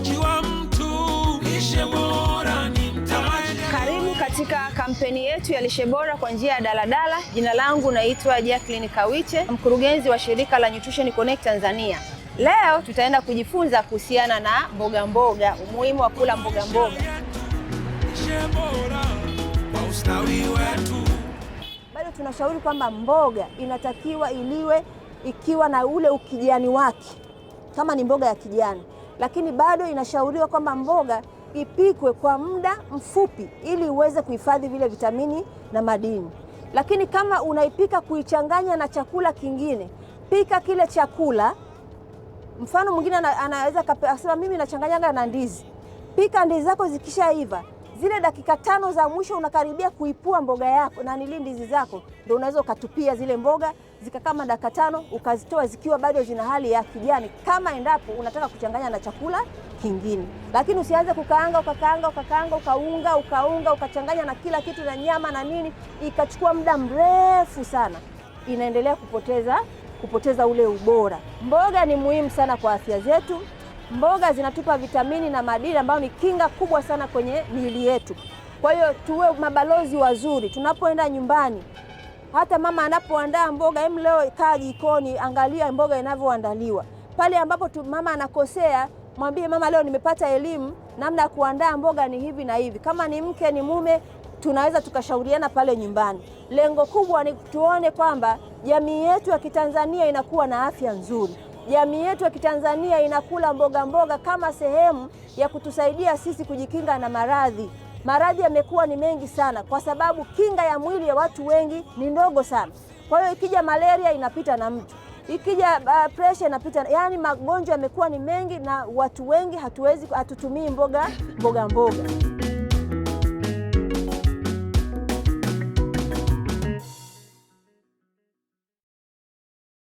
mtu. Lishe bora ni Karibu katika kampeni yetu ya lishe bora kwa njia ya daladala. Jina langu naitwa Jacqueline Kawiche, mkurugenzi wa shirika la Nutrition Connect Tanzania. Leo tutaenda kujifunza kuhusiana na mboga mboga, umuhimu wa kula mboga mboga. Bado tunashauri kwamba mboga inatakiwa iliwe ikiwa na ule ukijani wake, kama ni mboga ya kijani lakini bado inashauriwa kwamba mboga ipikwe kwa muda mfupi ili uweze kuhifadhi vile vitamini na madini. Lakini kama unaipika kuichanganya na chakula kingine, pika kile chakula. Mfano mwingine anaweza akasema mimi nachanganyanga na ndizi. Pika ndizi zako zikishaiva zile dakika tano za mwisho unakaribia kuipua mboga yako na nili ndizi zako, ndio unaweza ukatupia zile mboga zikakama dakika tano, ukazitoa zikiwa bado zina hali ya kijani, kama endapo unataka kuchanganya na chakula kingine. Lakini usianze kukaanga ukakaanga ukakaanga ukaunga ukaunga ukachanganya na kila kitu na nyama na nini, ikachukua muda mrefu sana, inaendelea kupoteza kupoteza ule ubora. Mboga ni muhimu sana kwa afya zetu. Mboga zinatupa vitamini na madini ambayo ni kinga kubwa sana kwenye miili yetu. Kwa hiyo tuwe mabalozi wazuri tunapoenda nyumbani. Hata mama anapoandaa mboga, hem, leo kaa jikoni, angalia mboga inavyoandaliwa. Pale ambapo tu mama anakosea, mwambie mama, leo nimepata elimu namna ya kuandaa mboga ni hivi na hivi. Kama ni mke ni mume, tunaweza tukashauriana pale nyumbani. Lengo kubwa ni tuone kwamba jamii yetu ya Kitanzania inakuwa na afya nzuri jamii yetu ya Kitanzania inakula mboga mboga kama sehemu ya kutusaidia sisi kujikinga na maradhi. Maradhi yamekuwa ni mengi sana kwa sababu kinga ya mwili ya watu wengi ni ndogo sana. Kwa hiyo ikija malaria inapita na mtu, ikija uh, pressure inapita, yaani magonjwa yamekuwa ni mengi na watu wengi hatuwezi hatutumii mboga mboga mboga.